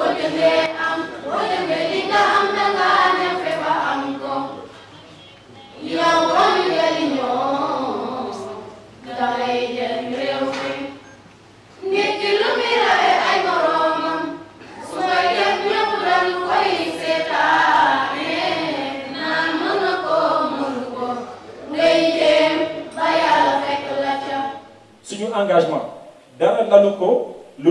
boo jëndee am boo jëndee li nga am danga ñafe ba am ko yow boo jëriñoo dangay jël réew mi nit ki lu muy rawee ay moroomam su koy def ñëpp dañu koy seetaane naan mën na ko mënu ko ngay jéem ba yàlla fekk la ca suñu engagement dara lalu ko lu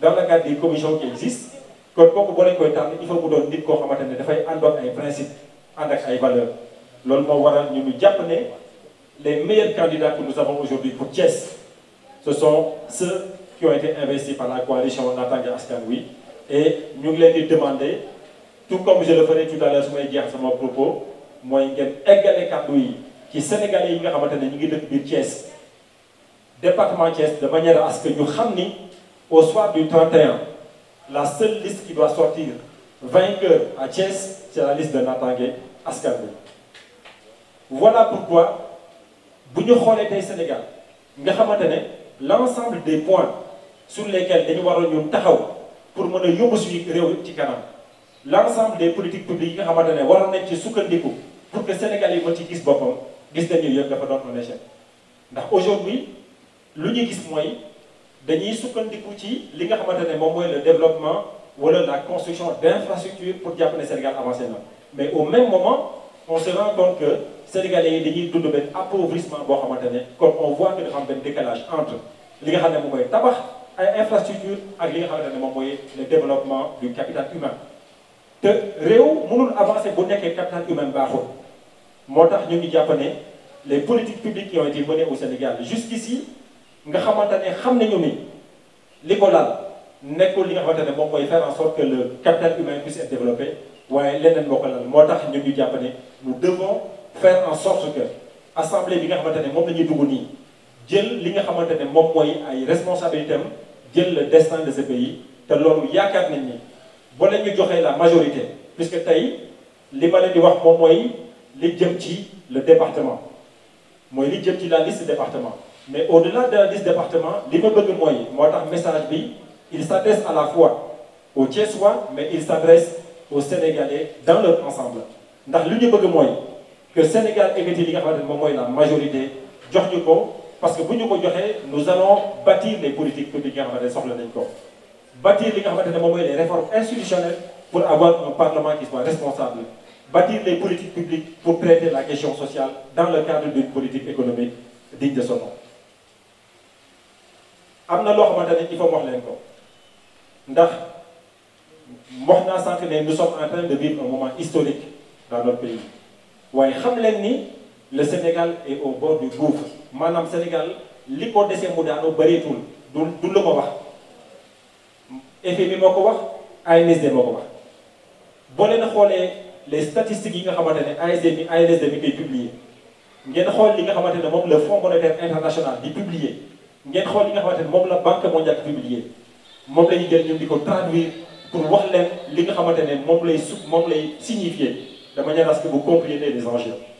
dans le cadre des commissions qui existent kon kooku boo leen il faut que doon nit koo xamante ne dafay àndoon des principes, des valeurs Nous avons waral ñu les meilleurs candidats que nous avons aujourd'hui pour Thiès ce sont ceux qui ont été investis par la coalition Natangué Askanoui. et nous ngi demandé, demander tout comme je le ferai tout à l'heure vais dire à mon propos mooy ngeen égaler kàddu yi sénégalais yi nga xamante ne ngi dëkk biir Thiès département Thiès de manière à ce que ñu xam au soir du 31, la seule liste qui doit sortir vainqueur à Thiès, c'est la liste de Natangé Askanbou. Voilà pourquoi, si nous le Sénégal, nous avons l'ensemble des points sur lesquels nous devons nous pour mener nous suñu réew ci l'ensemble des politiques publiques nous nga nous ne waroon ci pour que Sénégal yi mën ci gis boppam gis nañu nous dafa doon aujourd'hui lu ñu gis dañuy sukkandiku ci li nga xamante mom moy le développement wala la construction d'infrastructures pour jàpp ne Sénégal avancé na mais au même moment on se rend compte que sénégalais yi dañuy dund appauvrissement bo xamante comme on voit que dafa am décalage entre li nga xam ne tabax ay infrastructure ak li nga le développement du capital humain te réew mënul avancer bu nekkee capital humain baaxul moo tax ñu ngi jàpp les politiques publiques qui ont été menées au Sénégal jusqu'ici nga xamantane xamnañu ni liko ko laal li nga xamantane ne koy faire en sorte que le capital humain puisse être développé waye leneen moo ko laal moo ñun ñu jàpp ne nous devons faire en sorte que assemblée bi nga xamantane mom lañuy la ñuy dugg nii jël li nga xamantane mom moy ay responsabilités jël le destin de ce pays te loolu yaakaar nañ ni bo leen ñu joxee la majorité puisque tay li ma leen di wax mom moy li jëm ci le département moy li jëm ci la liste département mais au-delà de 10 départements de de bëgg message il s'adresse à la fois aux Tchessois, mais il s'adresse aux Sénégalais dans leur ensemble Dans li niveau bëgg que que Sénégal est li nga la majorité parce que vous nous allons bâtir les politiques publiques yi de bâtir les réformes institutionnelles pour avoir un parlement qui soit responsable bâtir les politiques publiques pour traiter la question sociale dans le cadre d'une politique économique digne de son nom am na loo xamante ne il faut wax leen ko ndax wax naa sànq ne nous sommes en train de vivre un moment historique dans notre pays waaye xam leen ni le Sénégal est au bord du gouffre maanaam Sénégal li ko desee mu daanu bëreetul du du lu ko wax FMI moo ko wax ANSD moo ko wax boo leen xoolee les statistiques yi nga xamante ne ASD mi ANSD mi koy publier ngeen xool li nga xamante ne moom le Fonds monétaire international di publier ngeen xool li nga xamante ne moom la banque mondiale publier. moom la ñu jël ñun di ko traduire pour wax leen li nga xamante ne moom lay su moom lay signifier de manière à ce que vous compreniez les enjeux.